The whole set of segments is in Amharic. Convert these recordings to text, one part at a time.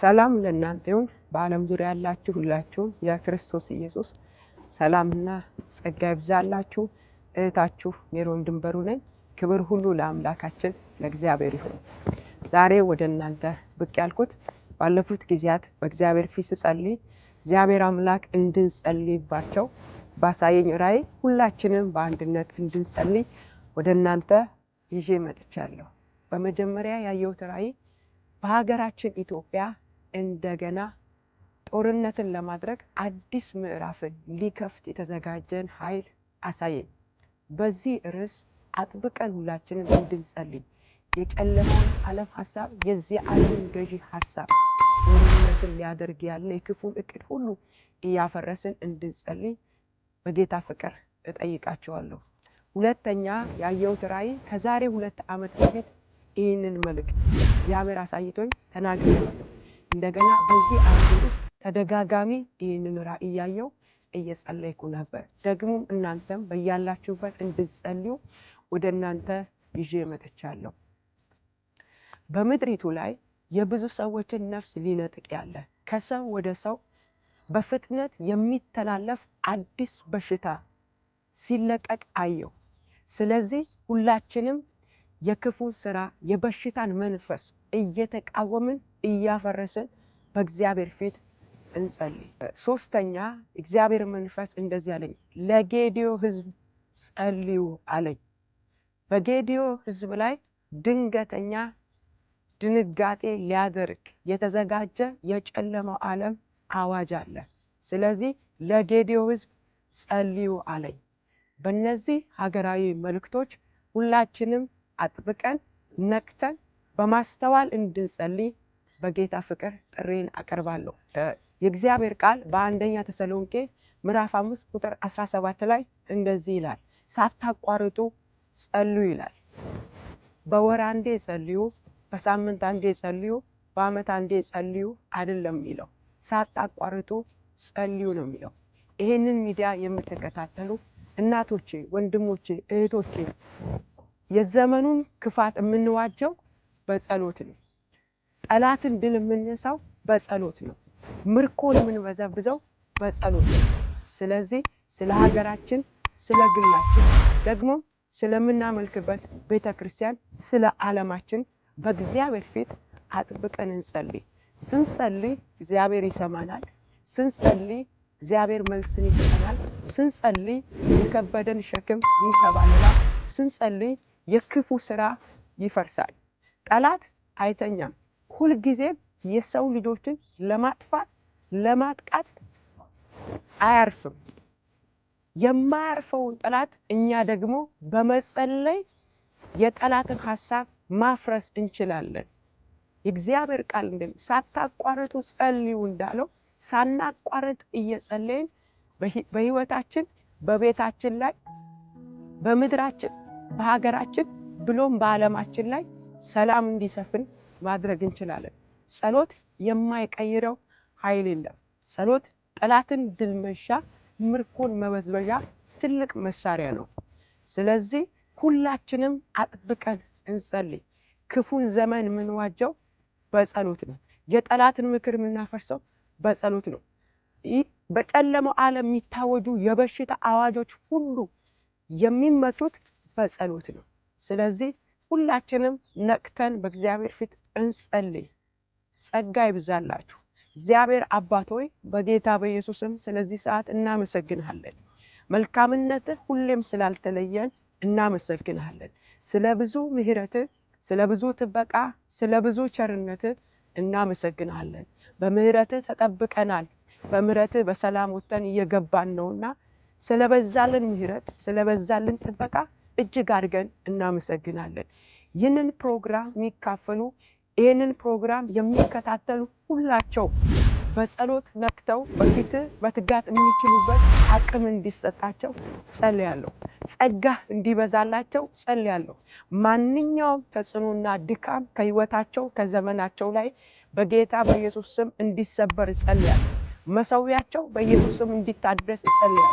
ሰላም ለእናንተ ይሁን። በዓለም ዙሪያ ያላችሁ ሁላችሁም የክርስቶስ ኢየሱስ ሰላምና ጸጋ ይብዛላችሁ። እህታችሁ ሜሮን ድንበሩ ነኝ። ክብር ሁሉ ለአምላካችን ለእግዚአብሔር ይሁን። ዛሬ ወደ እናንተ ብቅ ያልኩት ባለፉት ጊዜያት በእግዚአብሔር ፊት ስጸልይ እግዚአብሔር አምላክ እንድንጸልይባቸው ባሳየኝ ራእይ ሁላችንም በአንድነት እንድንጸልይ ወደ እናንተ ይዤ መጥቻለሁ። በመጀመሪያ ያየሁት ራእይ በሀገራችን ኢትዮጵያ እንደገና ጦርነትን ለማድረግ አዲስ ምዕራፍን ሊከፍት የተዘጋጀን ኃይል አሳየን። በዚህ ርዕስ አጥብቀን ሁላችንም እንድንጸልይ የጨለመውን ዓለም ሀሳብ የዚህ ዓለም ገዢ ሀሳብ ጦርነትን ሊያደርግ ያለ የክፉን እቅድ ሁሉ እያፈረስን እንድንጸልይ በጌታ ፍቅር እጠይቃቸዋለሁ። ሁለተኛ ያየሁት ራእይ ከዛሬ ሁለት ዓመት በፊት ይህንን መልእክት እግዚአብሔር አሳይቶኝ ተናግሬዋለሁ። እንደገና በዚህ ዓመት ውስጥ ተደጋጋሚ ይህንን ራዕይ እያየሁ እየጸለይኩ ነበር። ደግሞም እናንተም በያላችሁበት እንድትጸልዩ ወደ እናንተ ይዤ መጥቻለሁ። በምድሪቱ ላይ የብዙ ሰዎችን ነፍስ ሊነጥቅ ያለ ከሰው ወደ ሰው በፍጥነት የሚተላለፍ አዲስ በሽታ ሲለቀቅ አየሁ። ስለዚህ ሁላችንም የክፉን ስራ የበሽታን መንፈስ እየተቃወምን እያፈረስን በእግዚአብሔር ፊት እንጸልይ። ሶስተኛ እግዚአብሔር መንፈስ እንደዚህ አለኝ፣ ለጌዲዮ ህዝብ ጸልዩ አለኝ። በጌዲዮ ህዝብ ላይ ድንገተኛ ድንጋጤ ሊያደርግ የተዘጋጀ የጨለመው ዓለም አዋጅ አለ። ስለዚህ ለጌዲዮ ህዝብ ጸልዩ አለኝ። በእነዚህ ሀገራዊ መልእክቶች ሁላችንም አጥብቀን ነቅተን በማስተዋል እንድንጸልይ በጌታ ፍቅር ጥሪን አቀርባለሁ። የእግዚአብሔር ቃል በአንደኛ ተሰሎንቄ ምዕራፍ አምስት ቁጥር 17 ላይ እንደዚህ ይላል፣ ሳታቋርጡ ጸልዩ ይላል። በወር አንዴ ጸልዩ፣ በሳምንት አንዴ ጸልዩ፣ በዓመት አንዴ ጸልዩ አይደለም የሚለው፣ ሳታቋርጡ ጸልዩ ነው የሚለው። ይህንን ሚዲያ የምትከታተሉ እናቶቼ፣ ወንድሞቼ፣ እህቶቼ የዘመኑን ክፋት የምንዋጀው በጸሎት ነው። ጠላትን ድል የምንሳው በጸሎት ነው። ምርኮን የምንበዘብዘው በጸሎት ነው። ስለዚህ ስለ ሀገራችን፣ ስለ ግላችን ደግሞ ስለምናመልክበት ቤተ ክርስቲያን፣ ስለ ዓለማችን በእግዚአብሔር ፊት አጥብቀን እንጸልይ። ስንጸልይ እግዚአብሔር ይሰማናል። ስንጸልይ እግዚአብሔር መልስን ይሰጠናል። ስንጸልይ የከበደን ሸክም ይከባልላል። ስንጸልይ የክፉ ስራ ይፈርሳል። ጠላት አይተኛም። ሁልጊዜም የሰው ልጆችን ለማጥፋት ለማጥቃት አያርፍም። የማያርፈውን ጠላት እኛ ደግሞ በመጸለይ የጠላትን ሀሳብ ማፍረስ እንችላለን። የእግዚአብሔር ቃል እንደም ሳታቋረጡ ጸልዩ እንዳለው ሳናቋርጥ እየጸለይን በህይወታችን በቤታችን ላይ በምድራችን በሀገራችን ብሎም በዓለማችን ላይ ሰላም እንዲሰፍን ማድረግ እንችላለን። ጸሎት የማይቀይረው ኃይል የለም። ጸሎት ጠላትን ድል መንሻ፣ ምርኮን መበዝበዣ ትልቅ መሳሪያ ነው። ስለዚህ ሁላችንም አጥብቀን እንጸልይ። ክፉን ዘመን የምንዋጀው በጸሎት ነው። የጠላትን ምክር የምናፈርሰው በጸሎት ነው። በጨለመው ዓለም የሚታወጁ የበሽታ አዋጆች ሁሉ የሚመቱት በጸሎት ነው። ስለዚህ ሁላችንም ነቅተን በእግዚአብሔር ፊት እንጸልይ። ጸጋ ይብዛላችሁ። እግዚአብሔር አባት ሆይ በጌታ በኢየሱስም ስለዚህ ሰዓት እናመሰግንሃለን። መልካምነትህ ሁሌም ስላልተለየን እናመሰግንሃለን። ስለ ብዙ ምሕረትህ፣ ስለ ብዙ ጥበቃ፣ ስለ ብዙ ቸርነትህ እናመሰግንሃለን። በምሕረትህ ተጠብቀናል። በምሕረትህ በሰላም ወጥተን እየገባን ነውና ስለበዛልን ምሕረት ስለበዛልን ጥበቃ እጅግ አድርገን እናመሰግናለን። ይህንን ፕሮግራም የሚካፈሉ ይህንን ፕሮግራም የሚከታተሉ ሁላቸው በጸሎት ነክተው በፊት በትጋት የሚችሉበት አቅም እንዲሰጣቸው ጸልያለሁ። ጸጋ እንዲበዛላቸው ጸልያለሁ። ማንኛውም ተጽዕኖና ድካም ከህይወታቸው ከዘመናቸው ላይ በጌታ በኢየሱስ ስም እንዲሰበር ጸልያለሁ። መሰዊያቸው በኢየሱስ ስም እንዲታደስ እጸልያለሁ።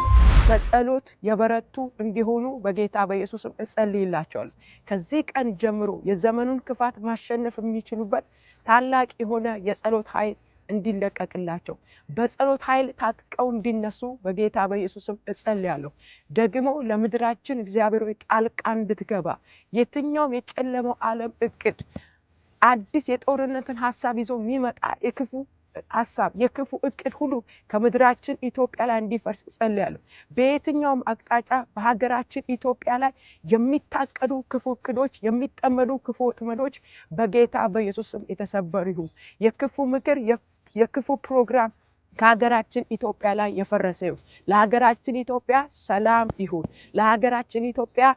በጸሎት የበረቱ እንዲሆኑ በጌታ በኢየሱስ ስም እጸልይላቸዋለሁ። ከዚህ ቀን ጀምሮ የዘመኑን ክፋት ማሸነፍ የሚችሉበት ታላቅ የሆነ የጸሎት ኃይል እንዲለቀቅላቸው በጸሎት ኃይል ታጥቀው እንዲነሱ በጌታ በኢየሱስ ስም እጸልያለሁ። ደግሞ ለምድራችን እግዚአብሔር ሆይ ጣልቃ እንድትገባ የትኛውም የጨለመው ዓለም እቅድ አዲስ የጦርነትን ሀሳብ ይዞ የሚመጣ የክፉ ሀሳብ የክፉ እቅድ ሁሉ ከምድራችን ኢትዮጵያ ላይ እንዲፈርስ ጸልያለሁ። በየትኛውም አቅጣጫ በሀገራችን ኢትዮጵያ ላይ የሚታቀዱ ክፉ እቅዶች፣ የሚጠመዱ ክፉ ወጥመዶች በጌታ በኢየሱስ ስም የተሰበሩ ይሁን። የክፉ ምክር፣ የክፉ ፕሮግራም ከሀገራችን ኢትዮጵያ ላይ የፈረሰ ይሁን። ለሀገራችን ኢትዮጵያ ሰላም ይሁን። ለሀገራችን ኢትዮጵያ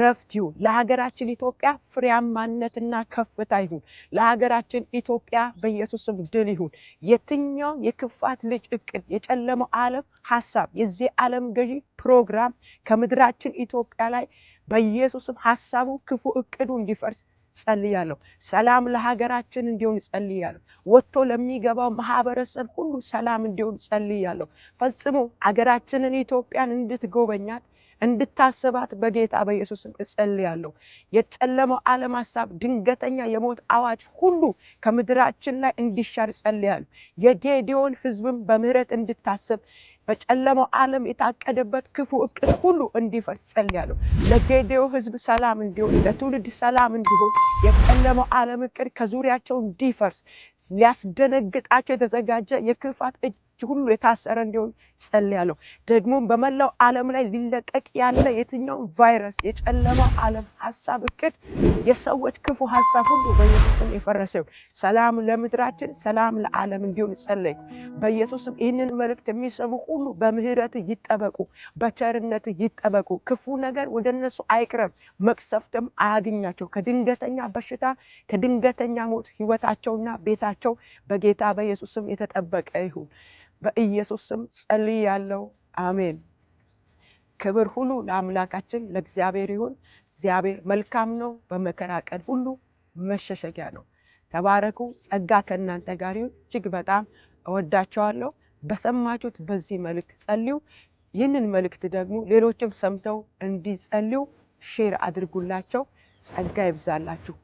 ረፍት ይሁን። ለሀገራችን ኢትዮጵያ ፍሬያማነትና ከፍታ ይሁን። ለሀገራችን ኢትዮጵያ በኢየሱስም ድል ይሁን። የትኛው የክፋት ልጅ እቅድ፣ የጨለመው ዓለም ሀሳብ፣ የዚህ ዓለም ገዢ ፕሮግራም ከምድራችን ኢትዮጵያ ላይ በኢየሱስም ሀሳቡ ክፉ እቅዱ እንዲፈርስ ጸልያለሁ። ሰላም ለሀገራችን እንዲሆን ጸልያለሁ። ወጥቶ ለሚገባው ማህበረሰብ ሁሉ ሰላም እንዲሆን ጸልያለሁ። ፈጽሞ ሀገራችንን ኢትዮጵያን እንድትጎበኛት እንድታስባት በጌታ በኢየሱስም እጸልያለሁ። የጨለመው ዓለም ሀሳብ፣ ድንገተኛ የሞት አዋጅ ሁሉ ከምድራችን ላይ እንዲሻር እጸልያለሁ። የጌዲዮን ህዝብም በምህረት እንድታስብ በጨለመው ዓለም የታቀደበት ክፉ እቅድ ሁሉ እንዲፈርስ ጸልያለሁ። ለጌዴኦ ህዝብ ሰላም እንዲሆን፣ ለትውልድ ሰላም እንዲሆን የጨለመው ዓለም እቅድ ከዙሪያቸው እንዲፈርስ ሊያስደነግጣቸው የተዘጋጀ የክፋት እጅ ሰዎች ሁሉ የታሰረ እንዲሆን ጸልያለሁ። ደግሞ በመላው ዓለም ላይ ሊለቀቅ ያለ የትኛውም ቫይረስ፣ የጨለማው ዓለም ሀሳብ፣ እቅድ፣ የሰዎች ክፉ ሀሳብ ሁሉ በኢየሱስም የፈረሰ ይሁን። ሰላም ለምድራችን ሰላም ለዓለም እንዲሆን ጸለይ። በኢየሱስም ይህንን መልእክት የሚሰሙ ሁሉ በምህረት ይጠበቁ፣ በቸርነት ይጠበቁ። ክፉ ነገር ወደ እነሱ አይቅረብ፣ መቅሰፍትም አያገኛቸው። ከድንገተኛ በሽታ ከድንገተኛ ሞት ህይወታቸውና ቤታቸው በጌታ በኢየሱስም የተጠበቀ ይሁን። በኢየሱስ ስም ጸልይ ያለው አሜን። ክብር ሁሉ ለአምላካችን ለእግዚአብሔር ይሁን። እግዚአብሔር መልካም ነው፣ በመከራ ቀን ሁሉ መሸሸጊያ ነው። ተባረኩ። ጸጋ ከእናንተ ጋር ይሁን። እጅግ በጣም እወዳቸዋለሁ። በሰማችሁት በዚህ መልእክት ጸልዩ። ይህንን መልእክት ደግሞ ሌሎችም ሰምተው እንዲጸልዩ ሼር አድርጉላቸው። ጸጋ ይብዛላችሁ።